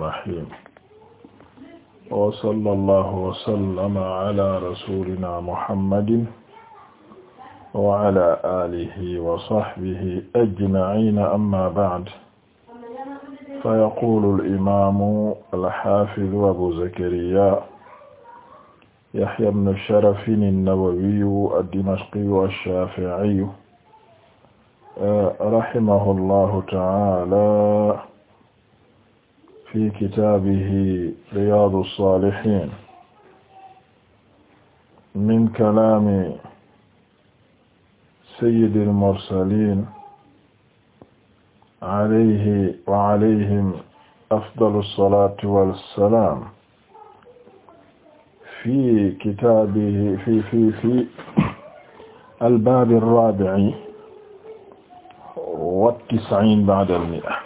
rahim wa sallallahu wa sallama ala rasulina muhammadin wa ala alihi wa sahbihi ajma'ina amma ba'd fa yaqulu al-imamu al-hafidu abu zakariya yahya ibn sharaf an-nawawiyu ad-dimashqiyu ash-shafi'iyu rahimahu llahu ta'ala fi kitaabihi riyaadu saalihiin min kalaami sayyidil mursaliin alayhi wa alayhim afdalu salaatu wassalaam fi kitaabihi fi fi fi albaabi raabi'i wa tis'iin ba'dal mi'a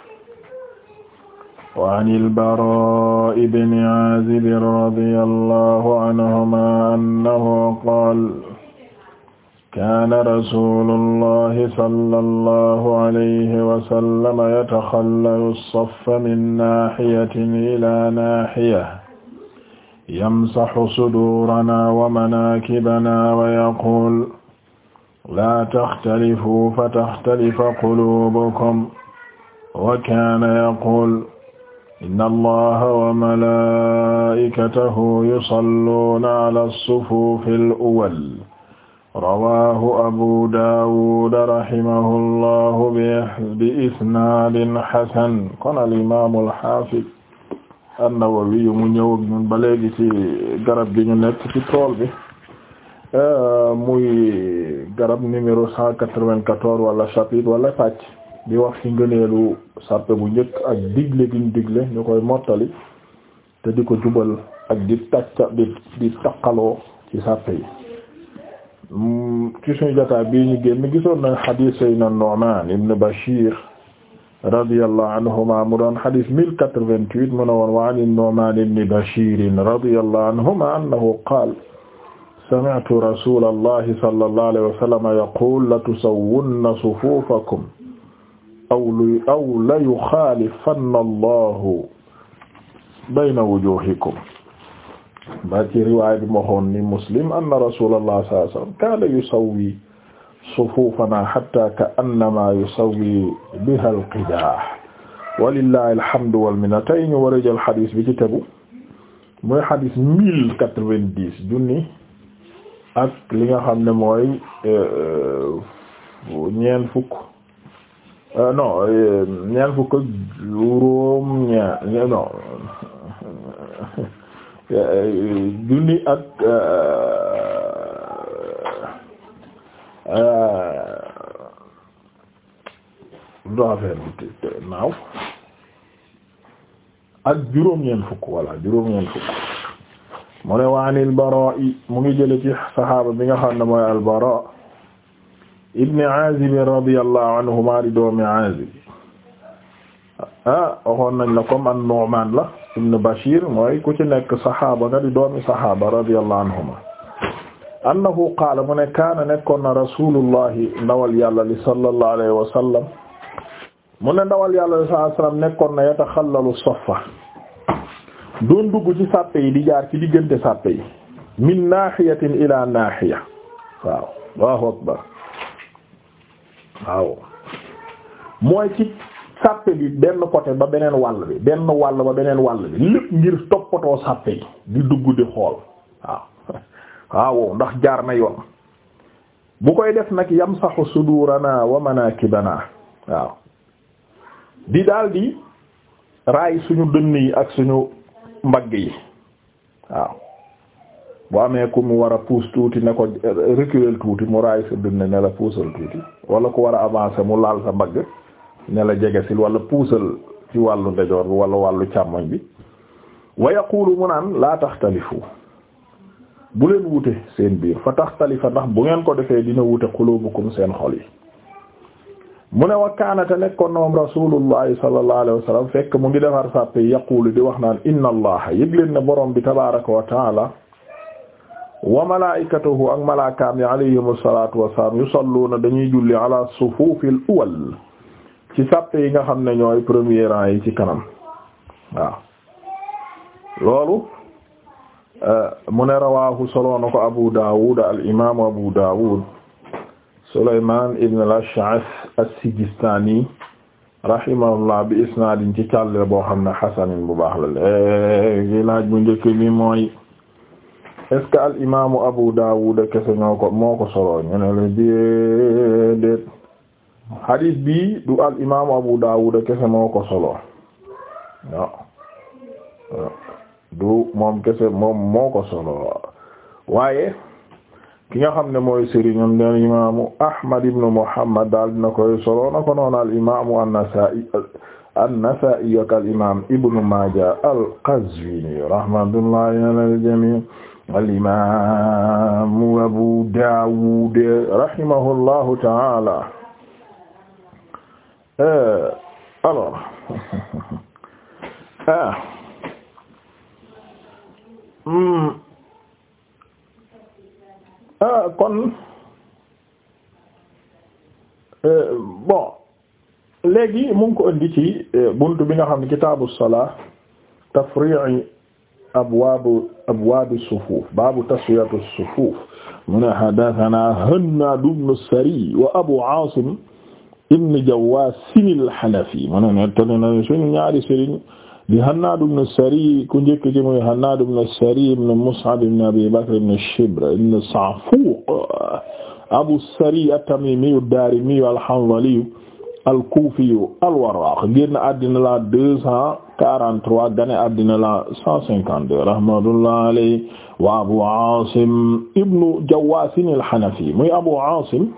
وعن البراء بن عازب رضي الله عنهما أنه قال كان رسول الله صلى الله عليه وسلم يتخلل الصف من ناحية إلى ناحية يمسح صدورنا ومناكبنا ويقول لا تختلفوا فتختلف قلوبكم وكان يقول inna allaha wa malaa'ikatahu yusalluuna ala as-sufuufil awwal rawaahu abu daawud rahimahullahu bi isnaadin hasan kon al imaamul haafid an-nawawi mu ñëw ak ñun ba léegi ci garab gi ñu nekk ci tool bi euh, muy garab numéro cent quatre-vingt-quatorze wala chapitre wala pàcc di wax ci ngëneelu sàppe bu njëkk ak digle giñ digle ñu koy mottali te di ko jubal ak di tacca di ci sàppe yi mm, ci suñu jotaay bii ñu génn gisoon nañ xadiis Seydina ibn Bashir radiyallahu anhuma mu doon xadiis mille quatre vingt mu ne woon wa an Nu'man ibn Bashir radiyallahu anhuma annahu qaala sami'tu rasuulallahi sallallahu alayhi wa sallam yaqulu latusawwunna sufuufakum aw lu aw la yuxaalifanna allahu bayna wujuhikum ba ci riwaay bi maxoon ni muslim anna rasulallah sallallahu alayhi wasallam kaana yusawwi sufuufana hatta ka'annama yusawwi biha alqidaah walillahi alhamdu wal minna tey ñu war a jël xadis bi ci tegu mooy xadis mille quatre-vingt-dix junni ak li nga xam ne mooy eh, eh, ñeent fukk Euh, non euh, ñeent fukk ak juróom ñeent euh, non junni ak doxafeer bi naaw ak juróom-ñeent fukk walla juróom-ñeent fukk mu ne waa ni al-Baraa mu ngi jële ci saxaaba bi nga xam ne mooy al-Baraa ibni Aazib radiyallahu anhuma di doomi Aazib ah waxoon nañ la comme an-Nu'man la ibn Bashir mooy ku ci nekk saxaaba nga di doomi saxaaba radiyallahu anhuma annahu qaala mu ne kaana nekkoon na rasulullahi ndawal yàlla li sallallahu alayhi wa sallam mu ne ndawal yàlla li sallallahu alayhi wa sallam nekkoon na yataxallalu saffa doon dugg ci sàppe yi di jaar ci diggante sàppe yi min naaxiyatin ila naaxiya waaw Allahu akbar waaw mooy ci sàppe bi benn côté ba beneen wàll bi benn wàll ba beneen wàll bi lépp ngir toppatoo sàppe yi di dugg di xool waaw waaw ndax jaar na yoon bu koy def nag yamsahu sudurana wa manakibana waaw di daldi raay suñu dënn yi ak suñu mbagg yi waaw bu amee ku mu war a pousse tuuti ne ko eh, reculer tuuti mu raay sa dund ne la puusal tuuti wala ku war a avancer mu laal sa mbagg ne la jegesil walla puusal ci wàllu ndejoor bi wala wàllu càmmoñ bi wa yaqulu mu naan laa taxtalifu bu leen wute seen biir fa taxtalifa ndax bu ngeen ko defee dina wute qulubukum seen xol yi mu ne wa kaanate nekkoon noom rasulullahi sallallahu alayhi wa sallam fekk mu ngi defar sàppe yaqulu di wax naan inna allaha yëg leen ne borom bi tabaraka wa malaikatahu ak malaakaam yi alayhim asalatu wasalaam dañuy julli ala sufuufil awwal ci sàppe yi nga xam ne ñooy premier yi ci kanam waaw loolu uh, mu ne rawahu soloo na ko Abu Dawud al imaamu Abu Dawud Sulayman ibn al-Ash'ath as-Sijistani rahimahullah bi isnaadin ci càll boo xam ne xasanin bu baax la léegi laaj bu njëkk mi mooy est-ce que al imaamu Abu Dawud kese ñoo ko moo ko solo ñu ne la déedéet hadith du al imaamu Abu Dawud kese moo ko solo du moom kese moom moo ko solo waaye ki nga xam ne mooy sëriñam al imaamu Ahmad ibn Muhammad daal dina koy solo na ko noon al imaamu an-Nasaa'i al imaam Ibn Maaja al-Qazwiini rahmatullahi alal jamii alimamu Abu Dawud rahimahullahu taala euh, alors ah hmm. ah kon euh, bon léegi mu ngi ko indi ci euh, bi nga xam ne kitaabu salaa tafri'i abwaabu abwaabu sufuuf baabu taswiyatu sufuuf mu ne haddasanaa Hannaad ibnu Sarii wa Abuu Aasim ibnu Jawwaasin al-Hanafi mu ne nettali nañu sunu ñaari sëriñ di Hannaad ibnu Sarii ku njëkk ci muy Hannaad ibnu Sarii ibnu Mus'ab ibnu Abii Bakr ibnu Shibr ibnu Sa'fuuq Abuu Sarii at-Tamiimiyyu ad-Daarimiyyu al-Hanzaliyyu al-Kufiyu al-Warraq génn àddina la deux cent quarante-trois gane àddina la cent cinquante-deux rahmatullah alayhi wa Abu Asim ibnu Jawwasin al-Hanafi muy Abu Asim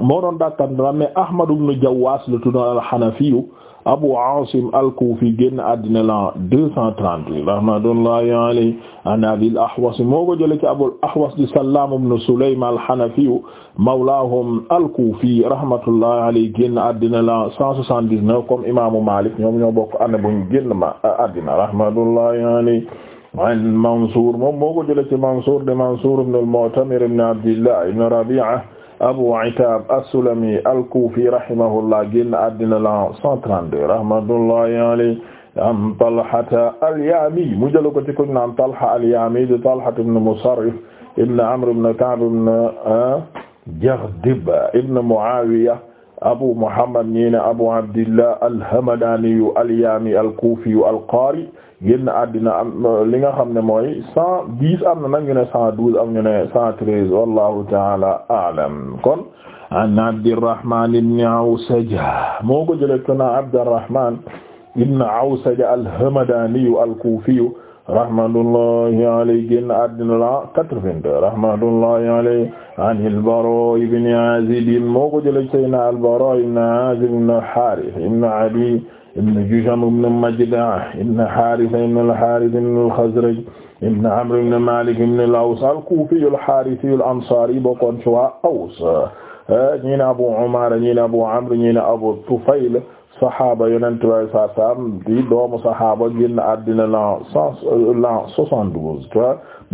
moo doon dàkkantalam mais Ahmad ibnu Jawwas la tuddoon al-Hanafiyu Abu Asim al-Kufi génn àddina la 230 rahmatullahi alayhi an Abil Ahwas moo ko jëlee ci Abul Ahwas di Sallaam ibn Sulaym al-Hanafi mawlaahum al-Kufi rahmatullahi alayhi génn àddina la 179 comme imaamu Malik ñoom ñoo bokk année bu ñu génn ma àddina rahmatullahi alayhi an Mansour moom moo ko jëlee ci Mansour de Mansour ibn al-Mu'tamir ibn Abdillah ibn Rabi'a abu Itaab as-Sulami al-Kufi rahimahullah génn àddina la 132 rahmatullahi alayhi am Talhata al-Yaami mu jël ko ci ko naan Talha al-Yaami di Talha ibn Musarrif ibn Amr ibn Ka'b ibn ah, Jaghdib ibn Muawiya abu muhammad ñii ne abu abdillah alhamadaniyu alyaami alkuufiyu alqaari génn àddina am li nga xam ne mooy cent dix am na nag ñu ne cent douze am ñu ne cent treize wallahu taala aalam kon an abdirrahman ibni awsaja moo ko jële ko na abdirrahman ibni awsaja alhamadaniyu alkuufiyu rahmatullahi alayhi génn àddina la 82 rahmatullahi alayhi an al-Bara ibn Azib moo ko jëlee sayna al-Bara ibn Azib ibn al-Harith ibn Adi ibn Jusham ibn Majda ibn al-Harith ibn al-Harith ibn al-Khazraj ibn Amr ibn Malik ibn al-Aws al-Kufi al-Harithi al-Ansari bokkoon ci waa Aws eh, ñi ne Abu Umar ñi ne Abu Amr ñi ne Abu Tufayl saxaaba yonent bi saa saam di doomu saxaaba génn àddina lan cent euh, lan soixante-douze te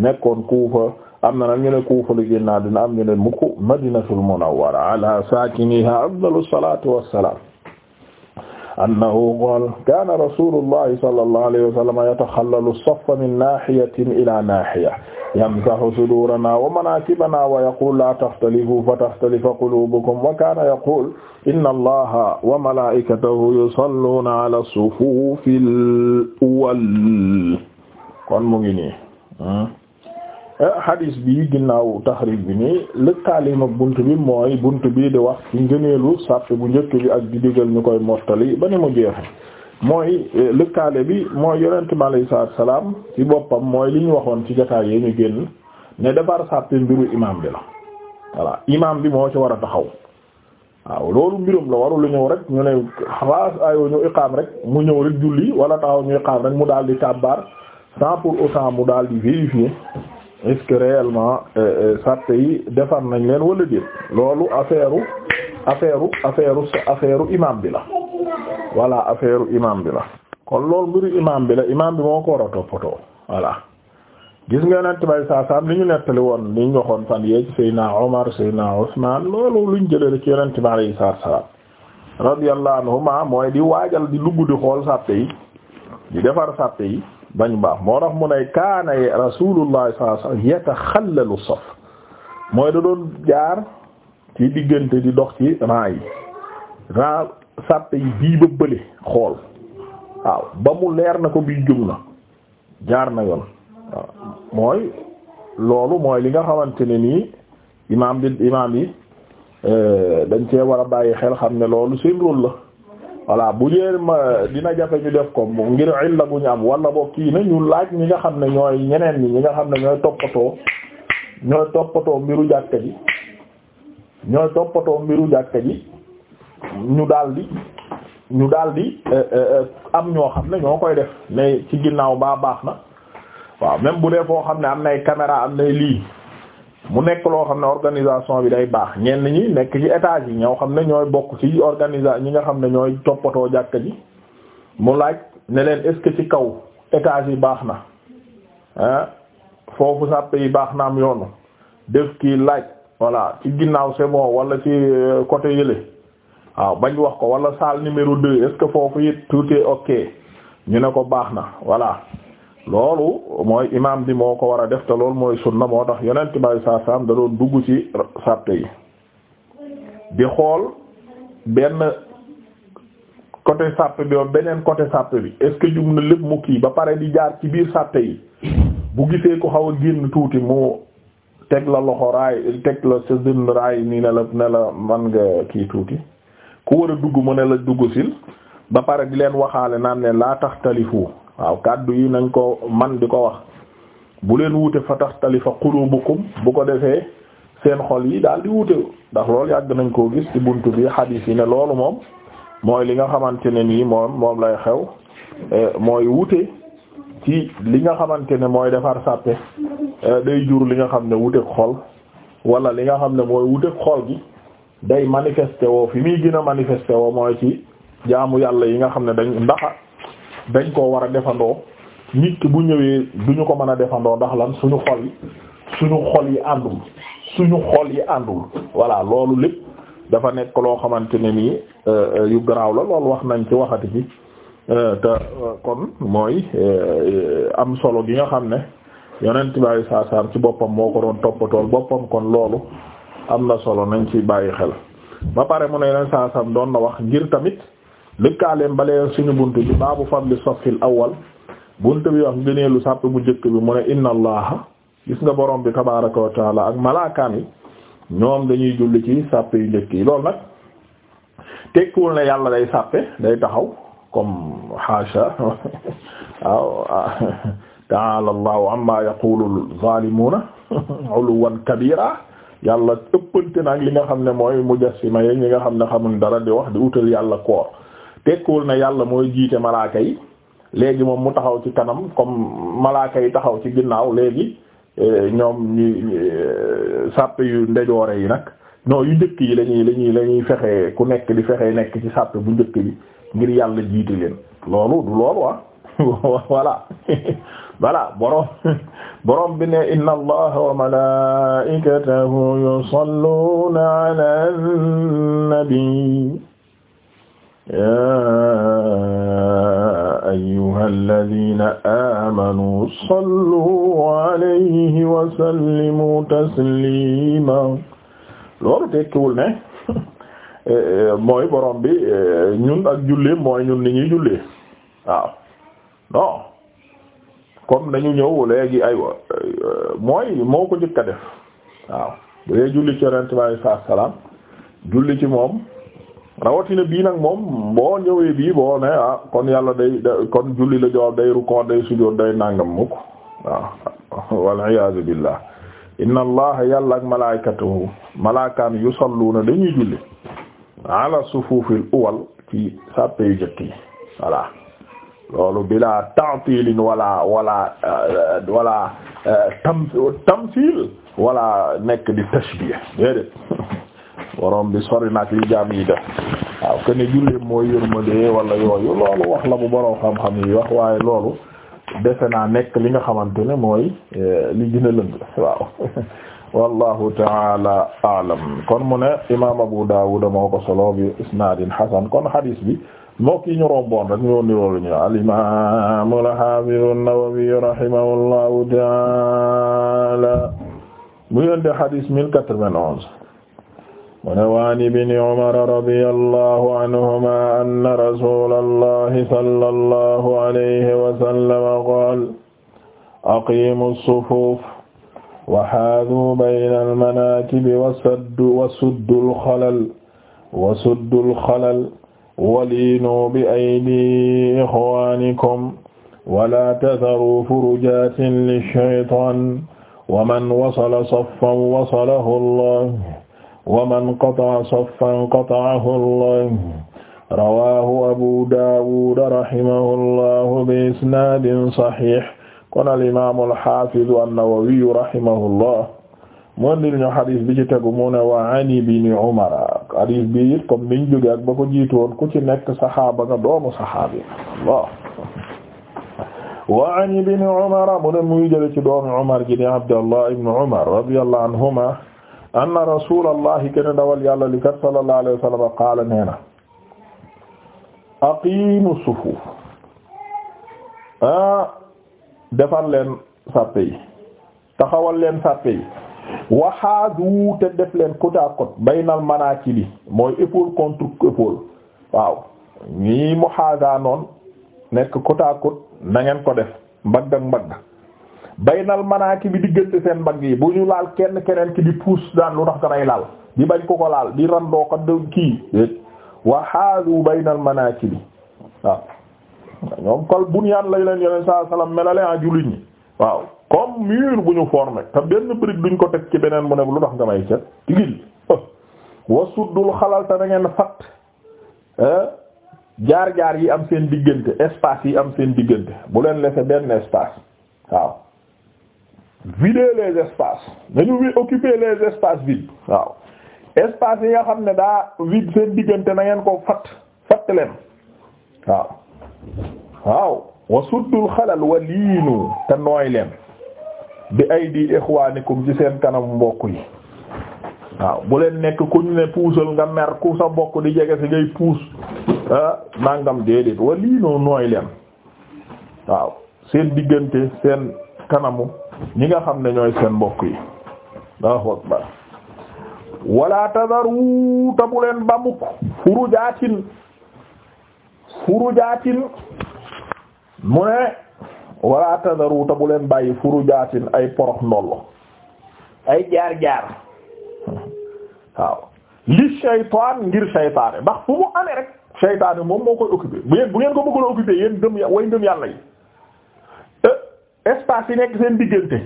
nekkoon Kuufa am na nag ñu ne Kuufa la génn àddina am ñu ne mukk Madinatul Munawwara ala saakiniha afdalu salaatu wassalaam annahu qaala kaana rasuulullahi sallallahu alayhi wa sallam yataxallalu saffa min naahiyatin ilaa naahiya yamsahu suduuranaa wa manaakibanaa wa yaquulu laa taxtalifuu fataxtalifa quluubukum wa kaana yaquulu inna allaha wa malaa'ikatahu yusalluuna alaa sufuufil awwal kon mu ngi nii hmm? hadis bi ginnaaw taxrij bi nii lëkkaaleem ak bunt bi mooy bunt bii di wax ci ngëneelu sàppe bu njëkk bi ak di digal ñu koy mottali ba ni mu jeexe mooy eh, lëkkaale bi mooy yonent bi alayhi salaatu salaam ci boppam mooy li ñu waxoon ci jotaay yi ñu génn ne defar sàppe mbiru imam bi la voilà imaam bi moo ci war a taxaw waaw loolu mbirum la warul ñëw rek ñu ne xawaas ayoo ñu iqaam rek mu ñëw rek julli wala taxaw ñu iqaam rek mu daal di kàbbaar sans pour mu daal di est-ce que euh, euh, yi defar nañ leen wala déet loolu affaire affaire affaire affaire imam bi la voilà affaire imam bi la kon loolu mbiru imam bi la imam bi moo ko war a toppatoo voilà gis nga yonent bay saa saam ñu nettali woon li ñu waxoon fan yee ci Seydina Omar Seydina Ousmane loolu luñ jëlee ci yonent bi alayhi salaam radiyallahu anhuma mooy di waajal di lugg di xool sàppe yi di defar sàppe yi bañ baax moo tax mu ne kaana rasulullah sallallahu alayhi wasallam yataxallalu saf mooy da doon jaar ci diggante di dox ci ran yi ran sàppe yi bii ba bële xool waaw ba mu leer na ko bii jum na jaar na yoon mooy loolu mooy li nga xamante ne nii imaam bi imaam yi euh, dañ cee war a bàyyi xel xam ne loolu seen rôle la voilà bu dee ma dina jafe ñu def ko ngir illa bu ñu am wala boo kii na ñu laaj ñi nga xam ne ñooy ñeneen ñi ñi nga xam ne ñooy toppatoo ñooy toppatoo mbiru jàkka ji ñooy toppatoo mbiru jàkka ji ñu daldi ñu daldi euh, euh, euh, am ñoo xam ne ñoo koy def mais ci ginnaaw baa baax na waaw même bu dee foo xam ne am nay kamera am nay lii mu nekk loo xam ne organisation bi day baax ñenn ñi nekk ci étage yi ñoo xam ne ñooy bokk ci organisation ñi nga xam ne ñooy toppatoo jàkka ji mu laaj ne leen est que ci kaw étage yi baax na ah foofu sàppe yi baax na am yoonu def kii laaj voilà ci ginnaaw c'est bon wala ci euh, côté yële waaw bañ wax ko wala salle numéro deux est-ce que foofu it tout ok ñu ne ko baax na voilà loolu mooy imam bi moo ko war a def te loolu mooy sunna moo tax yonent bay saa saam da doon dugg ci sàppe yi di xool benn côté sàppe bi beneen côté sàppe bi est jum na lépp mu kii ba pare di jaar ci biir sàppe yi bu gisee ku xaw a génn tuuti mu teg la loxo raay teg la sa dënn raay nii ne la ne la man nga kii tuuti ku war a dugg mu ne la dugg sil ba pare di leen waxaale naan ne laa tax talifu waaw kàddu yi nañ ko man di ko wax bu leen wuute fa taxtalifa qulubukum bu ko defee seen xol yi daal di wuute ndax loolu yàgg nañ koo gis ci buntu bi xadiis yi ne loolu moom mooy li nga xamante ne nii moom moom lay xew eh, mooy wuute ci li nga xamante ne mooy defar sàppe eh, day jur li nga xam ne wuute xol wala li nga xam ne mooy wuute xol gi day manifesté woo fi muy gën a manifesté woo mooy ci jaamu yàlla yi nga xam ne dañ ndaxa dañ koo war a defandoo nit ki bu ñëwee duñu ko mën a defandoo ndax lan suñu xol yi suñu xol yi àndul suñu xol yi àndul voilà loolu lépp dafa nekk loo xamante ne nii euh, yu garaaw la loolu wax nañ ci waxati ci euh, te euh, kon mooy am solo gi nga xam ne yonent bàyyi saasaam ci boppam moo ko doon toppatool boppam kon loolu am na solo nañ ci bàyyi xel ba pare mu ne yonent saasaam doon na wax ngir tamit lëkkaaleem balee suñu bunt bi baabu fadli safil awal bunt bi wax lu sàpp bu njëkk bi mu ne inna allah gis nga boroom bi tabaraka wa ak malaakaam yi ñoom dañuy julli ci sàppe yu njëkk yi loolu nag tekkiwul ne yàlla day sàppe day taxaw kom haasha waaw taala allahu amma yaqulu zalimuna uluwan kabira yàlla ëppante naag li nga xam ne mooy mujassima yi ñi nga xam ne xamul dara di wax di utal yàlla koor tekkiwul na yàlla mooy jiite malaaka yi léegi moom mu taxaw ci kanam comme malaaka yi taxaw ci ginnaaw léegi eh, ñoom ñu eh, sàpp yu ndejoore yi nag non yu njëkk yi lañuy lañuy lañuy fexe ku nekk di fexe nekk ci sàpp bu njëkk bi ngir yàlla jiite leen loolu du loolu wa ah. voilà voilà borom bi ne inna allaha wa malaa'ikatahu yusalluna ala nabi yaa ayyuhal laziina aamanuu sallu alayhi wa sallimuu loolu tekkiwul ne mooy borom bi ñun ak julli mooy ñun ni ñuy julli waaw non comme dañu ñëw léegi aywa mooy moo ko njëkk def waaw bu dee julli ci Yonent bi alayhi salaam julli ci moom. rawatina bii nag moom boo ñëwee bii boo ne ah, kon yàlla day kon julli la jawab day rukkoo day sujjóot day nangam mukk waaw wal billah inna allaha yàlla ak malaikatahu malakaan yusalluuna dañuy julli ala sufuufil uwal ci sàppe yu jëkk yi voilà loolu bila ta'tilin wala wala eh, eh, tam tamsil wala nekk di tashbih déedéet borom bi sori nag li jaam yi def waaw que ne julleem mooy yërmande wala yooyu loolu wax la bu borom xam-xam yi wax waaye loolu defe naa nekk li nga xamante ne mooy eh, li gën a lëng waaw wallahu taala alam kon mu ne imaam Abu Dawud moo ko solo bi isnaadin hasan kon hadis bi moo ki ñu romboon rek ñu ni ñu al imaam al haafiz an-Nawawi mu yonde hadis mille quatre-vingt-onze mu ne waan ibni Umar radiyallahu anhuma anna rasulallahi sallallahu alayhi wa sallam qaala aqiimu ssufuuf wa haaduu bayna almanaakibi wa suddul xalal wa suddul xalal wa liinuu bi aydii ixwaanikum wa laa tadharuu furujaatin lishaytaan wa man wasala saffan wasalahu allah wa man qata'a saffan qata'ahu Allah rawaahu abu daawud rahimahullahu bi isnaadin saxiix kon al imaamul xaafidu an-nawawi rahimahullah moo ndil ñu xadis bi ci tegu mu ne wa ani ibni umar xadis bi it comme niñ jóge ak ba ko jiitu woon ku ci nekk saxaaba nga doomu saxaabi Allah wa ani ibni umar mu ne muy jële ci doomu umar ji di abdallah ibni umar radiyallahu anhuma anna rasulallahi kenn dawal yàlla li kat sallallahu alayhi wa sallam qaala nee na aqimu sufuuf ah defar leen sàppe taxawal leen sàppe yi waxaadu te def leen côte à côte baynal manaakili mooy épaule contre épaule waaw ñii muhaada noon nekk côte à ngeen ko def mbagg ak baynal manaaki bi diggante seen mbagg yi bu ñu laal kenn keneen ki di puus daan lu tax danay laal di bañ ko ko laal di randoo ko d kii wa xaalu baynal manaaki bi waaw ñoom kol bunyaan lañ leen yoneen saa salaam melale a jullit ñi waaw comme mur bu ñu formé te benn brique duñ ko teg ci beneen mu ne lu tax nga may set tigil wasuddul xalal te da ngeen fat eh? jaar-jaar yi am seen diggante espace yi am seen diggante bu leen laisser benn espace waaw vider les espaces nañu wi occuper les espaces vides espaces yi nga xam ne daa vide seen diggante na ngeen ko fatt fatt leen waaw waaw wa suddul xalal wa liinu te nooy leen bi aydi ixwaanikum ci seen kanam mbokk yi waaw bu leen nekk ku ne puusal nga mer ku sa mbokk di jege si ngay puus ah, nangam déedéet wa liinoo nooy leen waaw seen diggante seen kanamu ñi nga xam ne ñooy seen mbokk yi Allahu akbar wala tadaru ta bu leen bamuk furujaatin furujaatin mu ne wala tadaru ta bu leen bàyyi furujaatin ay porox ndollo ay jaar jaar waaw li shaytaan ngir shaytaane ndax fu mu amee rek shaytaane moom moo koy occupé bu ngeen bu ngeen ko bëggoon a occupé yéen way ngëm yàlla yi espace yi nekk seen diggante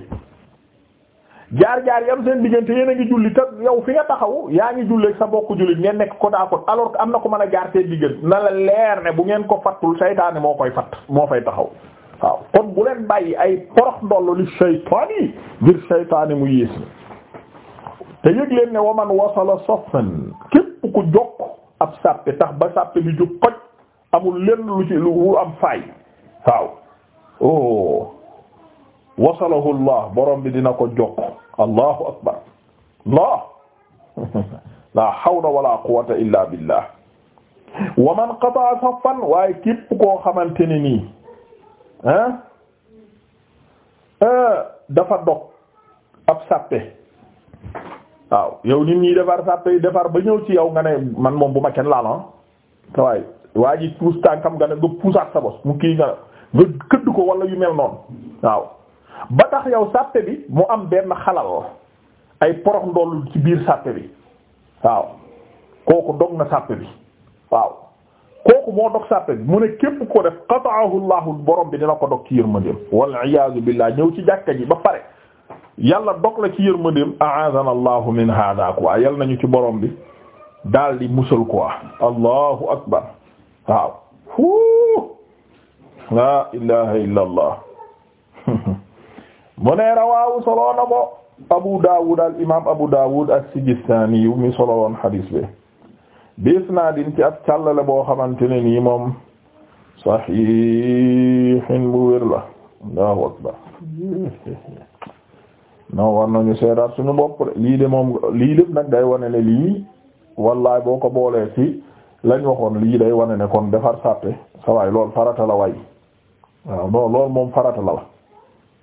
jaar-jaar yam seen diggante yéen a ngi julli te yow fi nga taxaw yaa ngi julli sa bokku jullit ngeen nekk côte à côte alors que am na ko man a jaar seen diggante na la leer ne bu ngeen ko fattul seytaane moo koy fatt moo fay taxaw waaw kon bu leen bàyyi ay porox ndollu li saytaan yi ngir saytaane mu yées ni te yëg leen ne waman wasala sofan képp ku jokk ab sàppe tax ba sàppe bi ju amul lenn lu ci lu am faay waaw oh wasalahu allah borom bi dina ko jokk allahu akbar allah la hawla wala quwwata illa billah wa man qata'a saffan waaye képp koo xamante ne nii euh, dafa dog ab sàppe waaw yow nit ñi defar sàppe defar ba ñëw ci yow nga ne man moom bu ma kenn laaloon sa waay waa ji puus tànkam nga ne nga puusaat sa bos mu kii nga nga këdd ko wala yu mel noonu waaw ba tax yow sàppe bi mu am benn xalal ay porox ndoll ci biir sàppe bi waaw kooku dog na sàppe bi waaw kooku moo dog sàppe bi mu ne képp ko def qata'ahu Allahu borom bi dina ko dog ci yërmandeem wal iyaazu billaah ñëw ci jàkka ji ba pare yàlla dog la ci yërmandeem a'aazana Allahu min haadaa quoi yal nañu ci borom bi daal di musal quoi Allahu akbar waaw. laa ilaaha illallaah mu ne rawaahu solo na ko Abu Dawud al imaam Abu Dawud as-Sijistani yu mi solo woon xadiis bi bisnaadin ci ak càllale boo xamante ne nii moom saxiixin bu wér la Allahu akbar non war nañu seetaat suñu bopp lii de moom lii lépp nag day wane ne lii wallaay boo ko boolee ci lañ waxoon lii day wane ne kon defar sàppe sa waay farata la waay waaw non loolu moom farata la la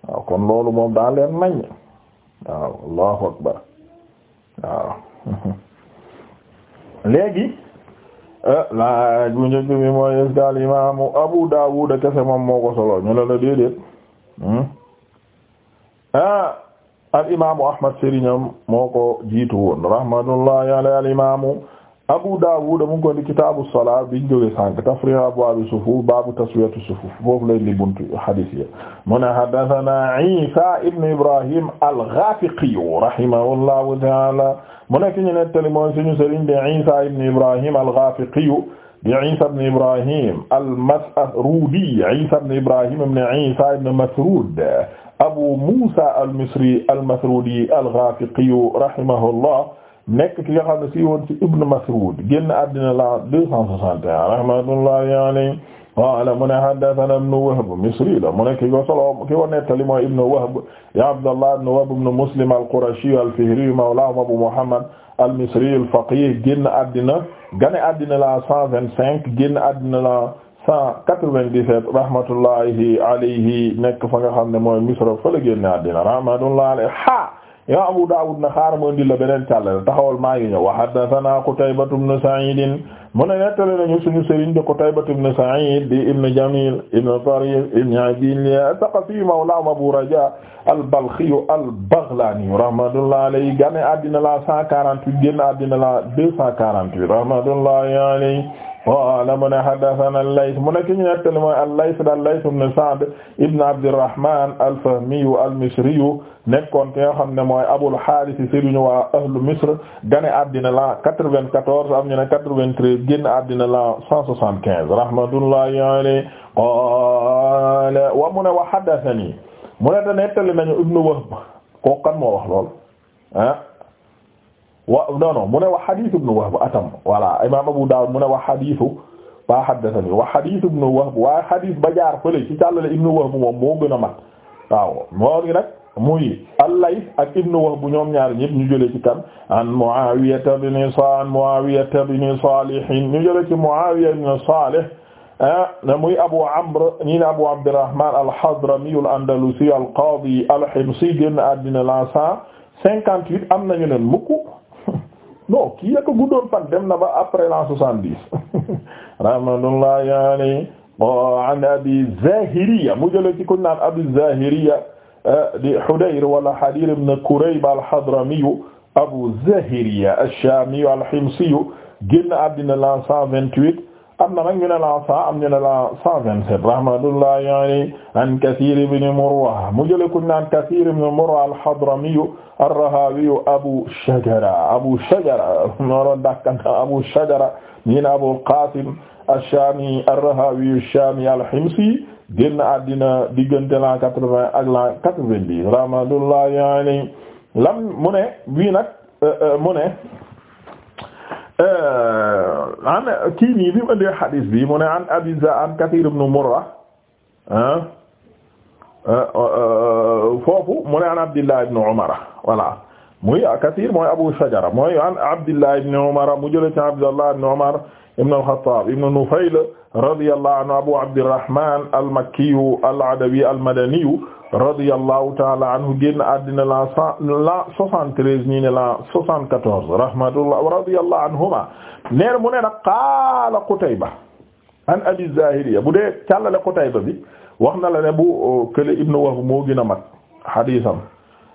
waaw kon loolu moom daa leen nañ waaw allahu akbar waaw léegi eh, laaj bu njëkk bi mooy est-ce que al imaamu Abu Dawud kese moom moo ko solo ñu ne la déedéet hmm? ah al imaamu Ahmad sëriñam moo ko jiitu woon rahmatullahi ala al imaamu Abu Dawud mu ngi koy di kitaabu salaa biñ jógee sànq tafriiq abwaabi sufuuf baabu taswiyati sufuuf foofu lay li buntu hadiis yi mu ne haddasanaa Iisaa ibn Ibraahiim al-Ghafiqi rahimahullahu ta'aala mu nekk ñu nettali mooy suñu sëriñ di Iisaa ibn Ibraahiim al-Ghafiqi di Iisaa ibn Ibraahiim al-Masruudi Iisaa ibn Ibraahiim ibn Iisaa ibn Masruud Abu Muusaa al-Misri al-Masruudi al-Ghafiqi rahimahullah nekk ki nga xam ne si woon ci Ibn Mas'ud génn la 261 rahmatullahi alayhi qaala mu ne haddathana Ibn Wahb misri la mu ne ki ko solo ki ko nettali mooy Ibn Wahb ya Abdallah ibn Wahb ibn Muslim al-Qurashi al-Fihri mawlahum Abu Muhammad al-Misri al-Faqih génn àddina gane àddina la 125 génn àddina la 197 rahmatullahi alayhi nekk fa nga xam ne la génn àddina imam Abu Dawud na xaar mu indi la beneen càllale taxawal maa ngi ñëw wa haddathana Qutayba ibn Sa'id mu ne nettali nañu suñu sëriñ de Qutayba ibn Sa'id di ibn Jamil ibn Tarif ibn Abiliya ath-Thaqafi mawlahum Abu Raja al-Balkhi al-Baghlani rahmatullahi alayhi gane addina la 148 génn addina la 248 rahmatullahi alayhi qaala mu ne haddathana al-Layth mu ne ki ñu nettali mooy al-Layth al-Layth ibn Sa'd ibn al-Fahmiyu al-Misriyu nekkoon ki nga ne mooy Abul Haaris sëriñu waa ahlu Misr gane àddina la 94 am ñu ne 93 génn àddina la 175 rahmatullahi alayhi qaala wa mu ne wa haddathani mu ne da nettali nañu Ibn Wahb kooku kan moo wax lool ah? wa non non mu ne wa hadith ibn Wahb atam voilà imam Abu Dawud mu ne wa hadith ba haddathani wa hadith ibn Wahb waaye hadith ba jaar fële ci càllale ibn Wahb moom moo gën a mat waaw moo ngi nag muy al-Layth ak ibn Wahb ñoom ñaar ñëpp ñu jëlee ci kan an Muawiya ibn Salih Muawiya ibn Salih ñu jëlee ci Muawiya ibn Salih ah, muy Abu Amr ñi ne Abu Abdurrahman al-Hadrami al-Andalusi al-Qadi al-Himsi génn àddina la 158 am nañu leen mukk non kii ak guddoon fan dem na ba après l'an soixante-dix rahmatullahi alayhi oh, an abi zahiriya mu jële ci ku naan abi zahiriya eh, di hudayr wala hadir ibn kurayb al-hadramiyu abu zahiriya ash-shamiyu al-himsiyu génn àddina l'an cent vingt am na nag ñu ne la cent am ñu ne la cent vingt-sept rahmatullah yaani an Kasiir ibn Murwa mu jële ku naan Kasiir ibn Murwa al-Hadrami ar-Rahawi Abu Shajara Abu Shajara noonu dakkanta Abu Shajara ñi ne Abu Qasim ash-Shami ar-Rahawi ash-Shami al-Himsi génn àddina diggante la quatre-vingt ak la quatre-vingt-dix rahmatullah yaani lam mu ne wi nag euh, euh, mu ne Euh, an kii nii bi mu ëndee xadiis bi mu ne an Abi Za'am Kathir ibn Murra ah, euh, foofu mu an Abdillah ibn Umar voilà muy Kathir mooy Abu Shajara mooy an Abdillah ibn Umar mu jëlee ci Abdillah ibn ibn al-Khattab ibn Nufayl radiyallahu anhu Abu Abdirrahman al-Makkiyu al-Adawiyu al-Madaniyu radiyallahu ta'ala anhu génn àddina la la soixante-treize ñi ne la soixante-quatorze rahmatullah radiyallahu anhuma neer mu ne nag qaala Qutayba an Abi Zahiriya bu dee càllale Qutayba bi wax na la ne bu kële Ibn Wahb moo gën a mag hadiisam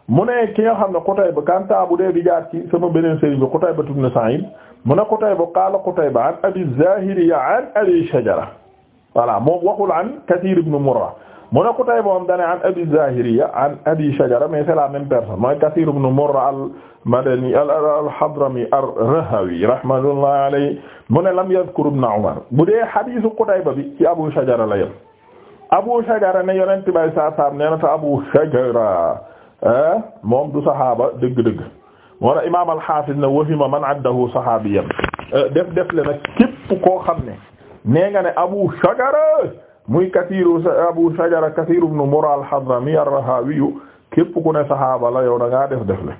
mu ne ki nga xam ne Qutayba kanta bu dee di jaar ci sama beneen sëriñ bi Qutayba ibn Sa'id mu ne Qutayba qaala Qutayba an Abi Zahiriya an Abi Shajara voilà moom waxul an Kathir ibn Murra mu ne Qutayba moom dane an Abi Zahiriya an Abi Shajara mais c'est la même personne mooy Kathir ibn Murra al-Madani al-Hadrami ar-Rahawi rahmatullahi alayhi mu ne lam yadhkur ibn Umar bu dee hadiisu Qutayba bi ci Abu Shajara la yem Abu Shajara ne yonent bay saa saam nee na ta Abu Shajara Eh? moom du saxaaba dëgg-dëgg moo tax imaam al-Hafiz ne wahima man addahu saxaabiyan eh, def def le nag képp koo xam ne nee nga ne Abu Shajara muy Kasiiru Abu Shajara Kasiiru ibn Murra hadrami ar képp ku ne saxaaba la yow da ngaa def def le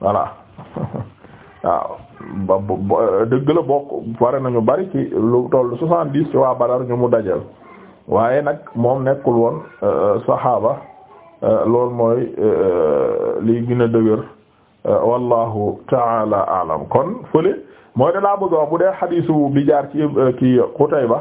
voilà waaw ba dëgg la bokk pare nañu bari ci lu toll soixante-dix ci waa Badar ñu mu dajeel waaye nag moom nekkul woon eh, saxaaba Euh, loolu mooy euh, li gën a dëgër euh, wallahu taala alam kon fële mooy dalaa bëgg wax bu dee xadiisu bi jaar ci ki Qutayba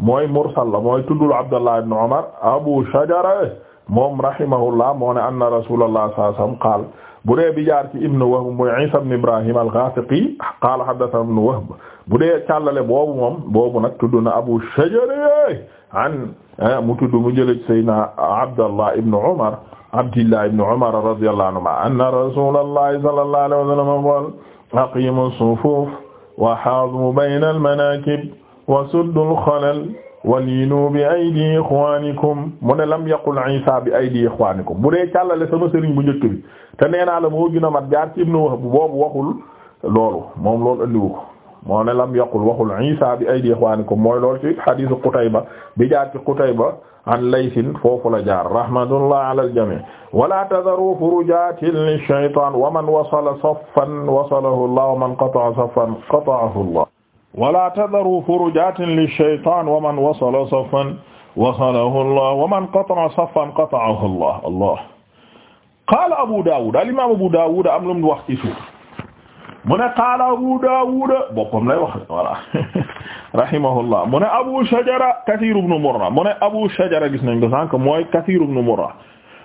mooy mursal la mooy tuddul Abdallah ibn Umar Abu Shajara moom rahimahullah moo ne anna Rasulullah sallallahu alayhi wasallam qaal bu dee bi jaar ci ibn Wahb mooy Isa ibn Ibrahim al-Ghafiqi qala haddathana ibn Wahb bu dee càllale boobu moom boobu nag tudd na Abu Shajar an eh, mu tudd mu jële Seydina Abdallah ibn Umar Abdillah ibn Umar radiyallahu anhuma anna rasulallahi sallallahu alayhi wa sallam qala aqimu as-sufuf wa hadhu bayna al-manakib wa suddu al-khalal walinu bi aydi ikhwanikum mu ne lam yaqul Isa bi aydi ikhwanikum bu dee càllale sama sëriñ bu njëkk bi te nee naa la moo gën a mat jaar ci Ibnu Wahb boobu waxul loolu moom loolu andiwu ko moo ne lam yaqul waxul Isa bi aydi ikhwanikum mooy lool ci hadiisu Qutayba bi jaar ci Qutayba an laysin foofu la jaar rahmatullah ala al-jami' wala tadharu furujatin lish-shaytan wa man wasala saffan wasalahu Allah wa man qata'a saffan qata'ahu Allah wala tadharu furujatin lish-shaytan wa man wasala saffan wasalahu Allah wa man qata'a saffan qata'ahu Allah Allah qaala Abu Daawud al imaam Abu Daawud am lu mu wax ci suuf mu ne qaala Abu Daawud boppam lay wax voilà rahimahullah mu ne Abu Shajara Kathiir ibn Murra mu ne Abu Shajara gis nañ ko sànq mooy Kathiir ibn Murra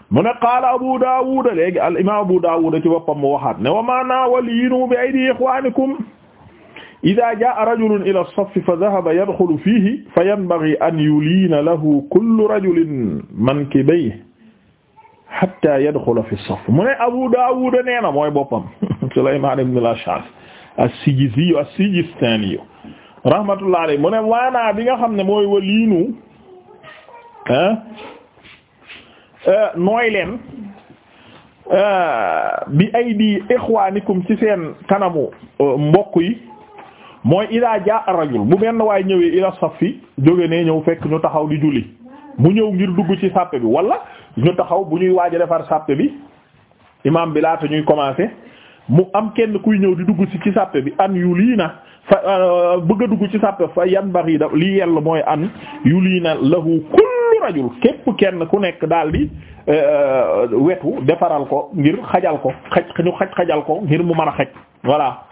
mu ne qaala Abu Daawud léegi al imaam Abu Daawud ci boppam mu waxaat ne wa maa nawaliinu bi aydi ixwaanikum idaa jaa'a rajulun ilaa as-saffi fa dhahaba yadxulu fiihi fa yanbaghii an yuliina lahu kullu rajulin mankibayhi hatta yadxula fi saf mu ne Abu Dawud nee na mooy boppam Sulaymaan ibn al-Ash'ath as bi nga xam ne mooy waliinu ah, ah, nooy leen ah, bi aydi ixwaanikum ci seen kanamu uh, mbokk yi mooy idaa jaa rajul bu benn waay ñëwee ila safi jóge ne ñëw fekk ñu taxaw di julli mu ñëw ngir dugg ci sàppe bi walla ñu taxaw bu ñuy waaj a defar sàppe bi imaam bi laata ñuy commencer mu am kenn kuy ñëw di dugg ci ci sàppe bi an yu lii na fa euh, bëgg a dugg ci sàppe fa yan bari da li yell mooy an yu lii na lahu kullu rajul képp kenn ku nekk daal di euh, wetu defaral ko ngir xajal ko xaj ñu xaj xajal ko ngir mu mën a xaj voilà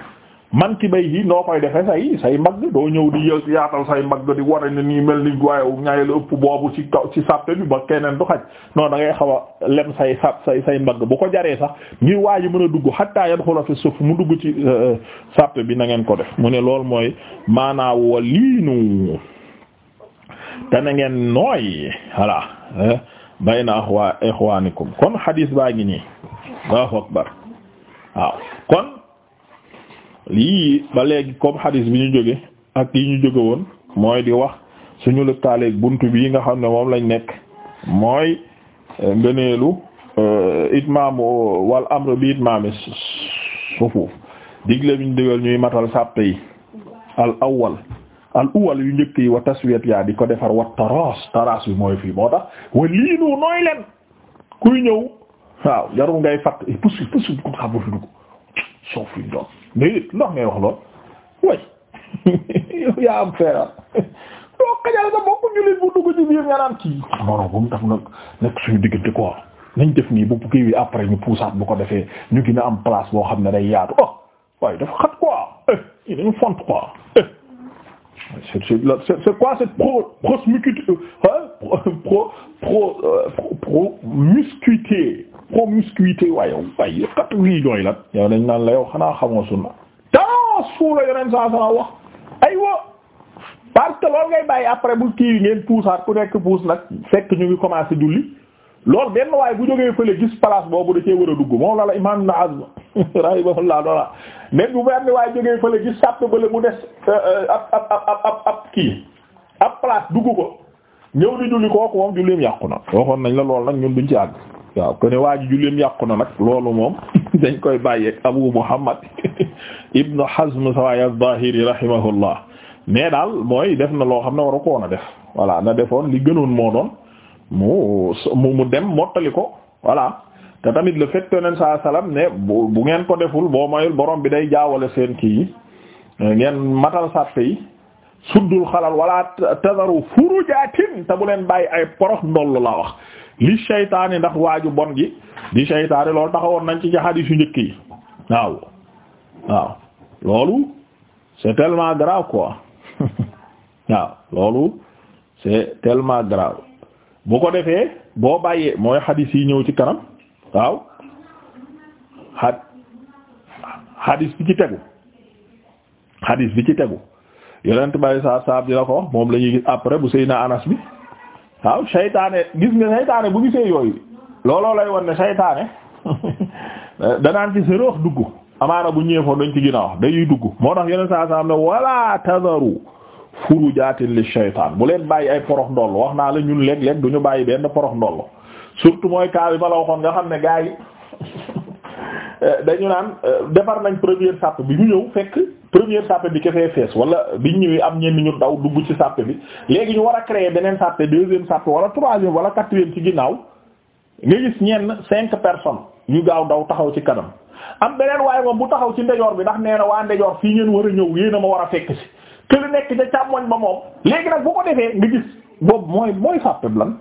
man ci bay yi noo koy defee say say mbagg doo ñëw di yaatal say mbagg di wara ne nii mel ni waayewu ñaayelu ëpp boobu ci kaw ci sàppe bi ba keneen du xaj non da ngay xaw a lem say sàpp say say mbagg bu ko jaree sax ngir waa ji mën a dugg xattaa yan xula fi suuf mu dugg ci euh, euh, sàppe bi na ngeen ko def mu ne loolu mooy maanaa wa liinu te na ngeen nooy voilà euh, bayna axwa ixwaanikum kon xadiis baa ngi nii Allahu waaw kon lii ba léegi comme hadis bi ñu jóge ak yi ñu jóge woon mooy di wax suñu lëkkaaleeg bunt bi nga xam ne moom lañ nekk mooy euh, ngëneelu euh, itmaam wal amr bi itmaami sufuuf digle biñ digal ñuy matal sàppe yi al awwal al awwal yu njëkk yi wa taswiyat yaa di ko defar wat taraas taraas bi mooy fii moo tax wa liinu nooy leen kuy ñëw waaw jarul ngay fatt eh, pusi pusi bu ko xabul fi du ko soof luñ doon mais it ndax ngay wax lool way yow yaa am feeral doo xajal sa mbokku jullit bu dugg ci biir nga naan kii. non bu mu tax nekk suñu diggante quoi nañ def nii bu kii bi après ñu puusaat bu ko defee ñu gën a am place boo xam ne day yaatu oh waaye dafa xat quoi eh dañu font quoi eh. c'est c'est quoi cette pro promiscuité euh, pro pro euh, promiscuité promiscuité waaye waaye kat lii ñooy lan yow dañ naan la xanaa xamoo sunna taas fu la yoneen saa saa wax aywa parce que loolu après bu kii ngeen puusaat ku nekk puus nag fekk ñu ngi commencé julli loolu benn waaye bu jógee gis place boobu da a dugg moom la la imaam na azma rahimahullah dola mais bu benn waaye jógee fële gis sàpp bale mu des euh, euh, ab ab ab ab ab kii ab place dugg ko ñëw di julli kooku moom julleem yàqu na waxoon nañ la lool nag ñun duñ ci àgg waaw ko ne waa ji julleem yàqu na nag loolu moom dañ koy bàyyeeg Abu Muhammad ibnu Hazm sawaay az-Zahiri rahimahullah mais daal mooy def na loo xam ne waru ko woon a def voilà na defoon li gënoon moo doon mu mu dem mottali ko voilà te tamit la fait que neen ne bu bu ngeen ko deful boo mayul boroom bi day jaawale seen kii yi ngeen matal sàppe yi suddul xalal wala tazaru furujaatin te bu leen bàyyi ay porox ndollu laa wax li seytaane ndax waaju bon gi di seytaane loolu taxawoon nañ ci ci xadiis yu njëkk yi waaw waaw loolu c'est tellement grave loolu c'est tellement grave bu ko defee boo bàyyee mooy xadiis yi ñëw ci kanam waaw xad xadiis bi ci tegu xadiis bi ci tegu yonent bàyyi saa saab di la ko wax moom la ñuy gis après bu na Anas bi waaw seytaane gis nga saytaane bu gisee yooyu looloo lay won ne saytaane danaan ci sëroox dugg amaana bu ñëwee foofu dañ ci ginnaaw wax dañuy dugg moo tax yeneen saa saa am ne wala tazaru furujaatin li saytaan bu leen bàyyi ay porox ndoll wax naa la ñun léeg-léeg du ñu bàyyi benn porox ndoll surtout mooy cas bi ma nga xam ne gars yi dañu naan euh, defar nañ première sàpp bi ñu ñëw fekk première sàppe bi kefee fees wala biñ ñëwee am ñenn ñu daw dugg ci sàppe bi léegi ñu war a créer beneen sàppe deuxième sàppe wala troisième wala quatrième ci ginnaaw nga gis ñenn cinq personnes yu gaaw daw taxaw ci kanam am beneen waaye moom bu taxaw ci ndejoor bi ndax nee na waa ndejoor fii ngeen war a ñëw yéen a ma war a fekk ci te li nekk ca càmmoñ ba moom léegi nag bu ko defee nga gis boobu mooy mooy sàppe bi lan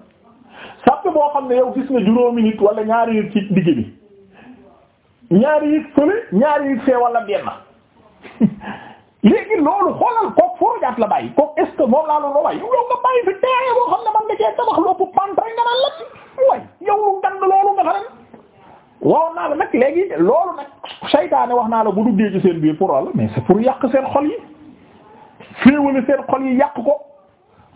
sàppe boo xam ne yow gis nga juróomi nit wala ñaari nit ci digg bi ñaari nit wala benn léegi loolu xoolal kook furujaat la bàyyi kook est ce que moom laa yow nga bàyyi fi teere boo xam ne man nga cee tabax loppu pant rek nga naan la way yow lu ngand loolu nga xaran waaw naa la nag léegi loolu nag saytaane wax naa la bu duggee ci seen biir pour wàll mais c'est pour yàq seen xol yi féewale seen xol yi yàq ko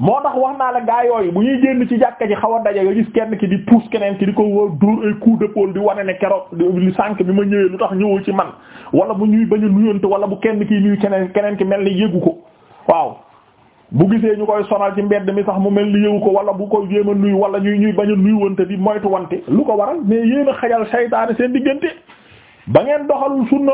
moo tax wax naa la gaa yooyu bu ñuy génn ci jàkka ji xaw a daje nga gis kenn ki di puus keneen ki di ko wóor dóor ay coup d'épaule di wane ne kero li sànq bi ma ñëwee lu tax ñëwoo ci man wala bu ñuy bañ a nuyonte wala bu kenn ki nuyu keneen keneen ki mel ni yëgu ko waaw bu gisee ñu koy sonal ci mbedd mi sax mu mel ni yëgu ko wala bu ko jéem a nuyu wala ñuy ñuy bañ a nuyuwante di moytu wante lu ko waral mais yéen a xajal saytaane seen diggante ba ngeen doxalul sunna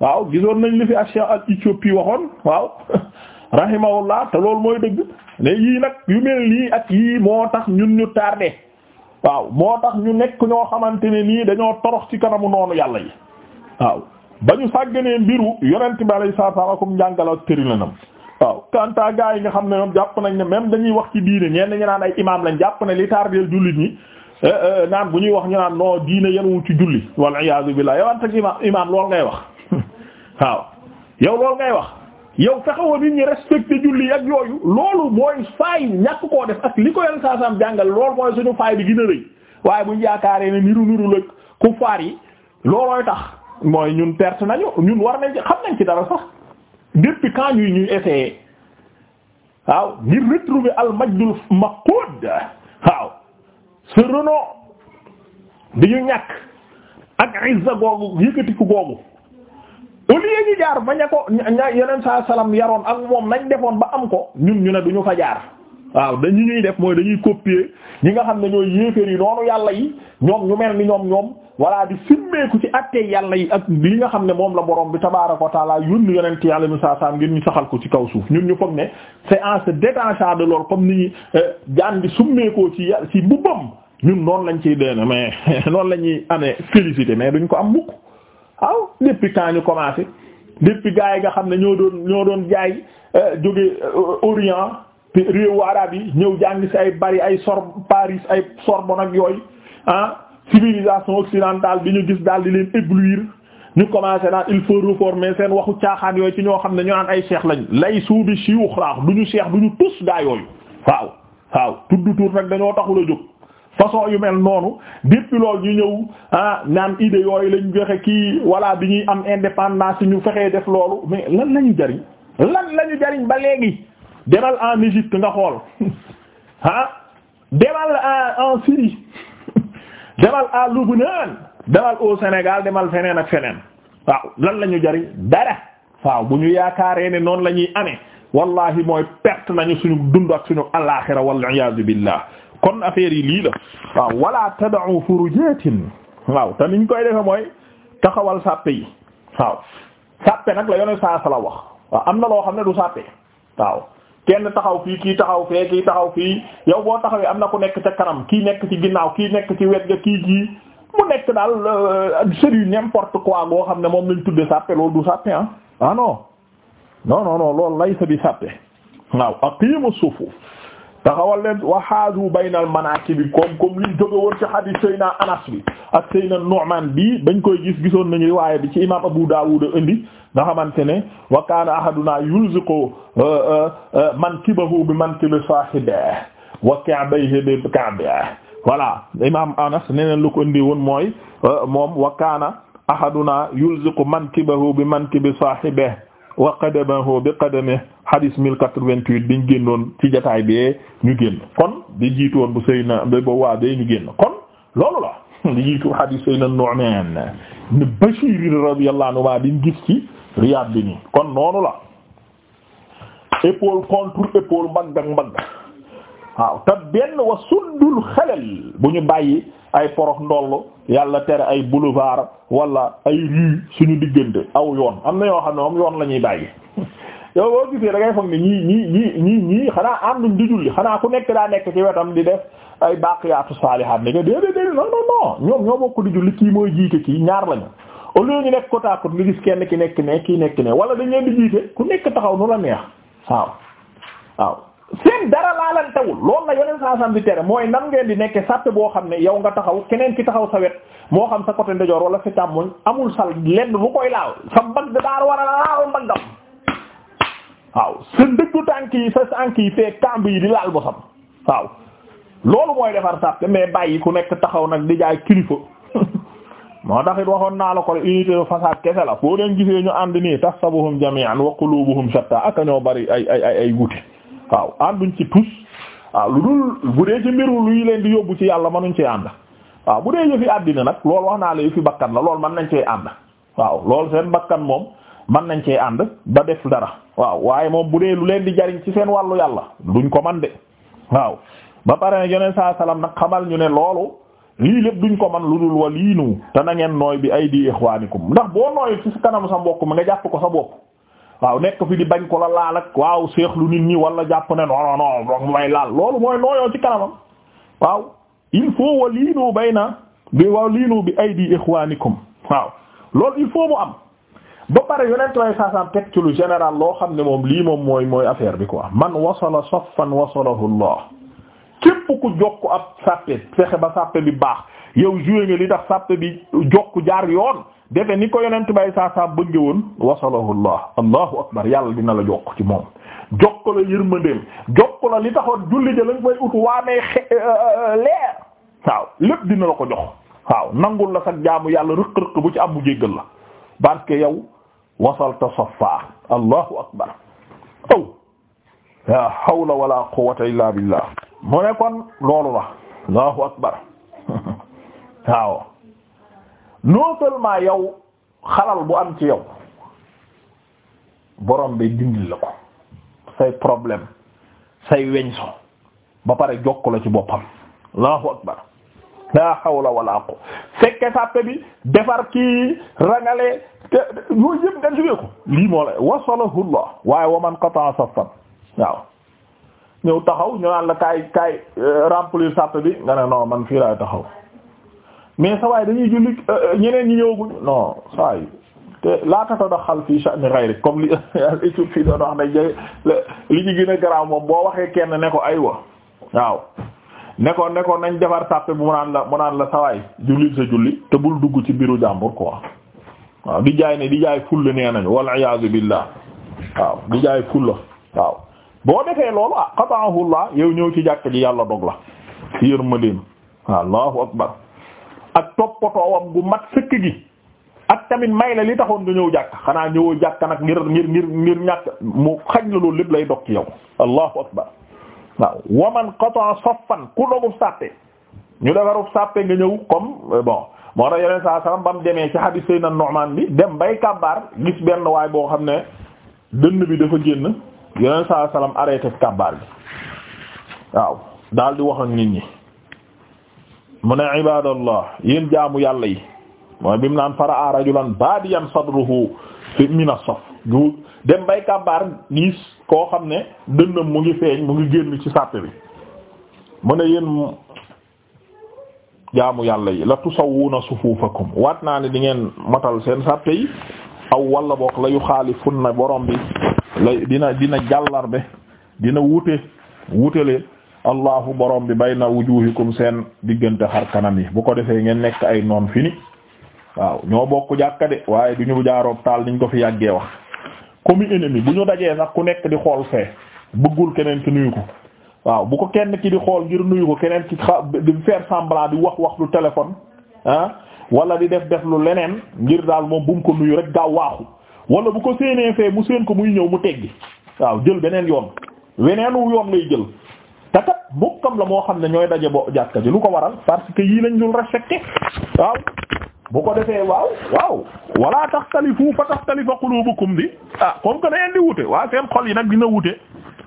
waaw gisoon nañ li fi ak Éthiopie waxoon waaw rahimahullah te loolu mooy dëgg ne yii nag yu mel nii ak yii moo tax ñun ñu tardé waaw moo tax ñu nekk ñoo xamante ne nii dañoo torox ci kanamu noonu yàlla yi waaw ba ñu sàgganee mbiru yonent bi alayhi salaatu wa salaam akum njàngal ak tërilinam waaw kanta gaa yi nga xam ne ñoom jàpp nañ ne même dañuy wax ci diine ñenn ñu ay imaam lañ jàpp ne li tardeel jullit ñi eh, eh, naan bu ñuy wax ñu naan non diine yenuwul ci julli wal iyaazu billaah yow antak imaam imaam loolu ngay wax waaw ngay wax. yow fexewoo nit ñi respecté julli ak yooyu loolu mooy faay ñàkk koo def ak li ko yenn saa jàngal lool mooy suñu faay bi gën rëy waaye buñ yaakaaree ne niru niru la ku faar yi loolooy tax mooy ñun perte nañu ñun war nañ ci xam nañ ci dara sax depuis quand ñuy ñuy essayer waaw ngir retrouver al majdul maqud waaw se reno di ñu ñàkk ak izza googu yëkkatiku googu au lieu ñu jaar bañ a ko yeneen saa salaam yaroon ak moom nañ defoon ba am ko ñun ñu ne duñu fa jaar waaw dañu ñuy def mooy dañuy copier ñi nga xam ne ñoo yéeféer yi noonu yàlla yi ñoom ñu mel ni ñoom ñoom walla di simmeeku ci àttee yàlla yi ak li nga xam ne moom la borom bi tabaaraka wa taala yónni yonent yàlla mi saa saa ngir ñu saxal ko ci kaw suuf ñun ñu foog ne c'est en se détachant de lool comme ni euh, jaan bi summeekoo ci yàlla ci mbubbam ñun noonu lañ ciy deen mais noonu la ñuy amee félicité mais duñ ko am mukk waaw depuis quand ñu commencé depuis gars yi nga xam ne ñoo doon ñoo doon jaay euh, jóge euh, Orient réewu arabe yi ñëw jàng ci ay bari ay sor Paris ay Sorbonne ak yooyu ah civilisation occidentale bi ñu gis daal di leen éblouir ñu commencer la il faut réformer seen waxu caaxaan yooyu ci ñoo xam ne ñu am ay seex lañ lay suubi siu xalaax du ñu cheikh du ñu tus gaa yooyu waaw waaw tudd tur nag dañoo taxul a jóg façon yu mel noonu depuis loolu ñu ñëw ah naan idée yooyu lañu joxe kii walla bi ñuy am indépendance ñu fexee def loolu mais lan la jariñ lan la jariñ ba léegi demal en Égypte nga xool ah demal euh, en Syrie demal à Lubnan demal au Sénégal demal feneen ak feneen waaw lan la ñu jariñ dara waaw bu ñu yaakaaree ne noonu la ñuy amee wallahi mooy perte nañu suñu dund ak suñu alaaxira wal iyaazu billah kon affaire yi lii la waaw wala tad'u furujatin waaw te niñ koy defe mooy taxawal sàppe yi waaw sàppe nag la yone saa sala wax waaw am na loo xam ne du sàppe waaw kenn taxaw fii kii taxaw fee kii taxaw fii yow boo taxawee am na ku nekk ca kanam kii nekk ci ginnaaw kii nekk ci wet ga kii kii mu nekk daal euh, seri n'importe quoi goo xam ne moom lañ tuddee sàppe loolu du sàppe ah ah non non non lay sa bi sàppe waaw aqimu sufuf taxawal leen waxaasu baynal manaakib bi comme comme liñ jóge woon ci hadith Seyna Anas bi ak Seyna Nu'man bi bañ koy gis gisoon nañu riwaaya bi ci imaam Abu Dawud indi nga xamante ne wa kaana ahaduna man euh, euh, euh, mankibahu bi mankibi saahibihi wa ka'bayhi bi ka'bihi voilà imaam Anas neneen lu ko indi woon mooy moom wa kaana ahaduna yulziqu mankibahu bi mankibi saahibihi wa qadamahu bi qadamihi hadis mille quatre-vingt-huit biñ génnoon ci jataay bee ñu génn kon di jiitoon bu Seyna ba waa bee ñu génn kon loolu la di jiitu hadis Seyna Nu'man ibn Bashir radiyallahu anhu waa biñ gis ci Riyad bi nii kon noonu la épaule contre épaule mbagg ak waaw te benn wa suddul xalal bu ñu bàyyi ay porox ndoll yàlla tere ay boulevard wala ay rue suñu diggante aw yoon am na yoo xam ne moom yoon la ñuy bàyyi yow boo gisee da ngay foog ne ñii ñii ñii ñii xanaa ànduñ di julli xanaa ku nekk daa nekk ci wetam di def ay baaqiyaatu saalihaat ne nga déedéet déedéet non non non ñoom ñoo bokk di julli kii mooy jiite kii ñaar lañu au ñu nekk côte à côte gis kenn ki nekk ne kii nekk ne wala dañ leen di jiite ku nekk taxaw nu la neex waaw waaw seen dara laalantewul loolu la yeneen saa sam mooy nan ngeen di nekke sàtt boo xam ne yow nga taxaw keneen ki taxaw sa wet moo xam sa côté ndijoor wala sa càmmoñ amul sal lenn lu koy laal sa mbagg daar war a laal mbaggam waaw sa yi sa tànk yi fee di laal bosam waaw loolu mooy defar sàtt mais bàyyi ku nekk taxaw nag di jaay kilifa moo taxit waxoon naa la ko unité de façade kese la boo leen gisee ñu ànd nii tahsabuhum jami'an wa qulubuhum shatta ak ñoo bari ay ay ay ay waaw ànduñ ci tus waaw lu dul bu dee ci mbiru luy leen di yóbbu ci yàlla mënuñ cee ànd waaw bu dee yëfi àddina nag loolu wax naa la yëfi bakkan la lool mën nañ cee ànd waaw loolu seen moom mën nañ cee ànd ba def dara waaw waaye moom bu dee lu leen di jariñ ci seen wàllu yàlla duñ ko man de waaw ba pare ne yeneen saa salaam nag xamal ñu ne loolu lii lépp duñ ko man lu dul waliinu te na ngeen nooy bi ay di ixwaanikum ndax boo nooy ci kanam sa mbokk mi nga jàpp ko sa bopp waaw nekk fi di bañ ko la laal ak waaw seexlu nit ñi wala jàpp ne non non non may laal loolu mooy nooyoo ci kanamam waaw il faut wa liinu na bi waaw liinu bi aydi ixwanikum waaw loolu il faut mu am ba pare yonent way saasam teg ci général loo xam ne moom lii moom mooy mooy affaire bi quoi man wasala saffan wasalahu allah képp ku jokk ab sàppe ba sàppe bi baax yow joué nga li tax sàppe bi jokk jaar yoon defe ni ko yonent bay saa saa bëgge woon wasalahu allah allahu akbar yàlla dina la jokk ci moom jokk la yërmandeem jokk la li taxoon julli ja lañ koy ut waamee euh, euh, leer waaw lépp dina la ko jox waaw nangul la sax jaamu yàlla rëq-rëq bu ci am mu jéggal la parce que yow wasalta safa allahu akbar aw la hawla wala quwwata illa billah mu ne kon loolu la allahu akbar waaw non seulement yow xalal bu am ci yow borom bi dindil la ko say problème say weñso ba pare jokk la ci boppam allahu akbar la hawla wala quwwata fekke sàppe bi defar kii rangale yooyu yëpp nga liggéey ko lii moo la waaye wa man qata'a saffan waaw ñëw taxaw ñu naan la kaay kaay euh, remplir sàppe bi nga ne non man fii laay taxaw mais sa dañuy julli euh, euh, ñeneen ñi ñëw guñ non saa yi te laata doon xal fii sha'ni ghayri comme li étude fii doon gën a garaaw moom boo waxee kenn ne ko aywa waaw ne ko ne ko nañ defar sàppe bu mu naan la mu naan la sawaay julli sa julli te bul dugg ci biiru jàmbur quoi waaw di jaay ne di jaay fulla nee nañu wal iyaazu billah waaw di jaay fulla waaw boo defee loolu ah qata'ahu Allah yow ñëw ci jàkk ji yàlla dog la ci yërmandeem allahu akbar ak toppatoowam gu mat sëkk gi ak tamit may la li taxoon nga ñëw jàkk xanaa ñëwoo jàkk nag ngir ngir ngir ngir ñàkk mu xaj la loolu lépp lay dog ci yow allahu akbar waaw waman qata saffan ku dogub sàppe ñu defarub sàppe nga ñëw comme euh, bon moo tax yeneen saa salaam ba demee ci hadith Seydina Nu'man bi dem bay kabaar gis benn waay boo xam ne dënn bi dafa génn yeneen saa salaam arrêté kabaar bi waaw daal di wax ak nit ñi mu ne ibadallah yéen jaamu yàlla yi mooy bi mu naan fara'a rajulan badiyan sadruhu fi min as dem bay kabaar gis koo xam ne dënnam mu ngi feeñ mu ngi génn ci sàppe bi mu ne yéen jaamu yàlla yi la tusawwuna sufufakum waat naa ne di ngeen motal seen sàppe yi aw walla boog la yu xaalifun na borom bi lay dina dina bi dina wute wutele allahu borom bi bayna wujuhikum seen diggante xar kanam yi bu ko defee ngeen nekk ay noon fini waaw ñoo bokk jàkka de waaye du ñu jaaroob taal niñ ko fi yàggee wax commu ennemi bu ñu dajee sax ku nekk di xool fee bëggul keneen ki nuyu ko waaw bu ko kenn ki di xool ngir nuyu ko keneen ki di faire semblant di wax wax lu téléphone ah wala di def def lu leneen ngir daal moom bu mu ko nuyu rek gaaw waaxu wala bu ko séenee fee mu séen ko muy ñëw mu teggi waaw jël beneen yoon weneenu yoon lay jël te kat mbokkam la moo xam ne ñooy daje bo jàkka ji lu ko waral parce que yii lañ dul respecté waaw bu ko defee waaw waaw wala taxtalifu fa taxtalifa qulubukum bi ah comme que na di wute waaw seen xol yi nag dina wute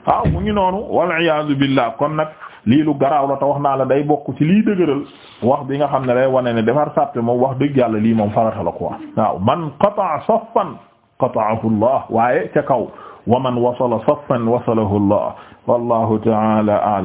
waaw mu ngi noonu wal iyaazu billah kon nag lii lu garaaw la ta wax naa la day bokk ci lii dëgëral wax bi nga xam ne day wane ne defar sàppe moom wax dëgg yàlla lii moom farata la quoi waaw man qata'a saffan qata'ahu Allah waaye ca kaw wa man wasala saffan wasalahu Allah wallahu ta'ala a'lam